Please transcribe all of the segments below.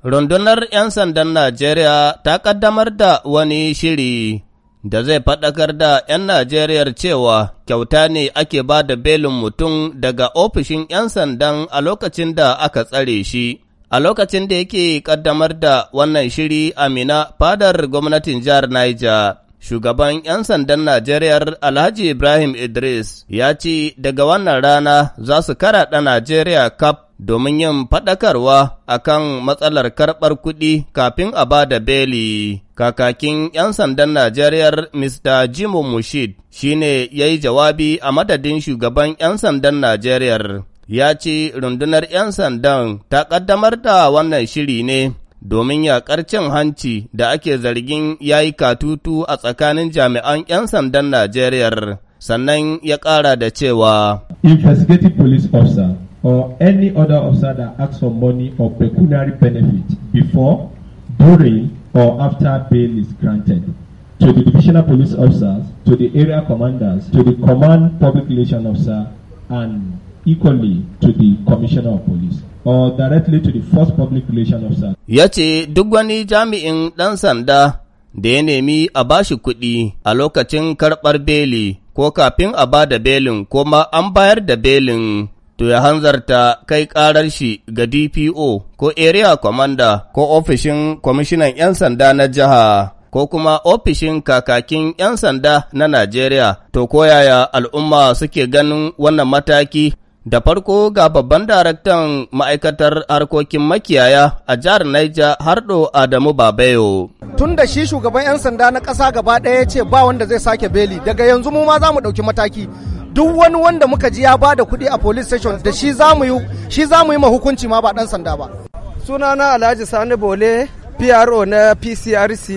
Rundunar 'yan sandan Najeriya ta ƙaddamar da wani shiri da zai faɗakar da 'yan Najeriya cewa kyauta ne ake ba da belin mutum daga ofishin 'yan sandan a lokacin da aka tsare shi. A lokacin da yake ƙaddamar da wannan shiri Amina fadar gwamnatin jihar Niger. Shugaban 'yan sandan Najeriya Alhaji Ibrahim Idris ya ce daga wannan rana za su karaɗa Najeriya kaf domin yin faɗakarwa a kan matsalar karɓar kuɗi kafin a ba da beli. Kakakin 'yan sandan Najeriya Mr. Jimo Mushid shi ne ya yi jawabi a madadin shugaban 'yan sandan Najeriya. Ya ce rundunar 'yan sandan ta ƙaddamar da wannan shiri ne domin yaƙar cin hanci da ake zargin ya yi katutu a tsakanin jami'an 'yan sandan Najeriya. Sannan ya ƙara da cewa. Investigative Police Officer or any other officer that asks for money or pecuniary benefit before, during, or after bail is granted. To the divisional police officers, to the area commanders, to the command public relations officer, and equally to the commissioner of police. or directly to the first public relations officer. Ya ce duk wani jami'in ɗan sanda da ya nemi a bashi kuɗi a lokacin karɓar beli ko kafin a ba da belin ko ma an bayar da belin to ya hanzarta kai karar shi ga DPO ko Area Commander ko ofishin kwamishinan 'yan sanda na jiha ko kuma ofishin kakakin 'yan sanda na Najeriya. To koyaya al'umma suke ganin wannan mataki da farko ga babban daraktan ma'aikatar harkokin makiyaya a jihar Naija Hardo Adamu Babayo. Tun da shi shugaban 'yan sanda na ƙasa gaba ɗaya ya ce ba wanda zai sake beli daga yanzu mu ma za mu ɗauki mataki. duk wani wanda muka ji ya bada kuɗi a police station da shi za mu yi ma hukunci ma ba ɗan sanda ba sunana alhaji sani bole pro na pcrc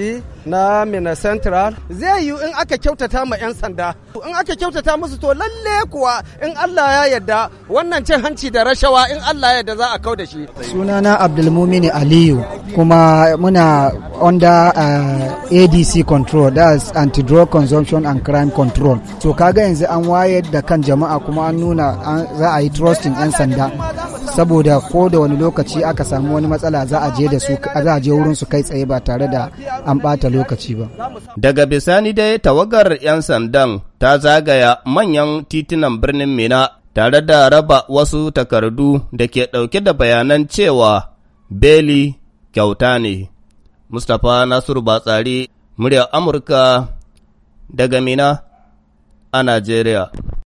na mina central zai yi in aka kyautata ma 'yan sanda in aka kyautata musu to lalle kuwa in allah ya yarda wannan cin hanci da rashawa in allah ya yarda za a kau da shi sunana abdulmumini aliyu kuma muna under uh, adc control that's anti-drug consumption and crime control so kaga yanzu an wayar da kan jama'a kuma an nuna za a yi trusting 'yan sanda saboda ko da wani lokaci aka samu wani matsala za a je wurin su kai tsaye ba tare da an bata lokaci ba daga bisani dai tawagar yan sandan ta zagaya manyan titunan birnin Mina tare da raba wasu takardu da ke ɗauke da bayanan cewa beli kyauta ne mustapha nasiru batsari muryar amurka daga Mina a Najeriya.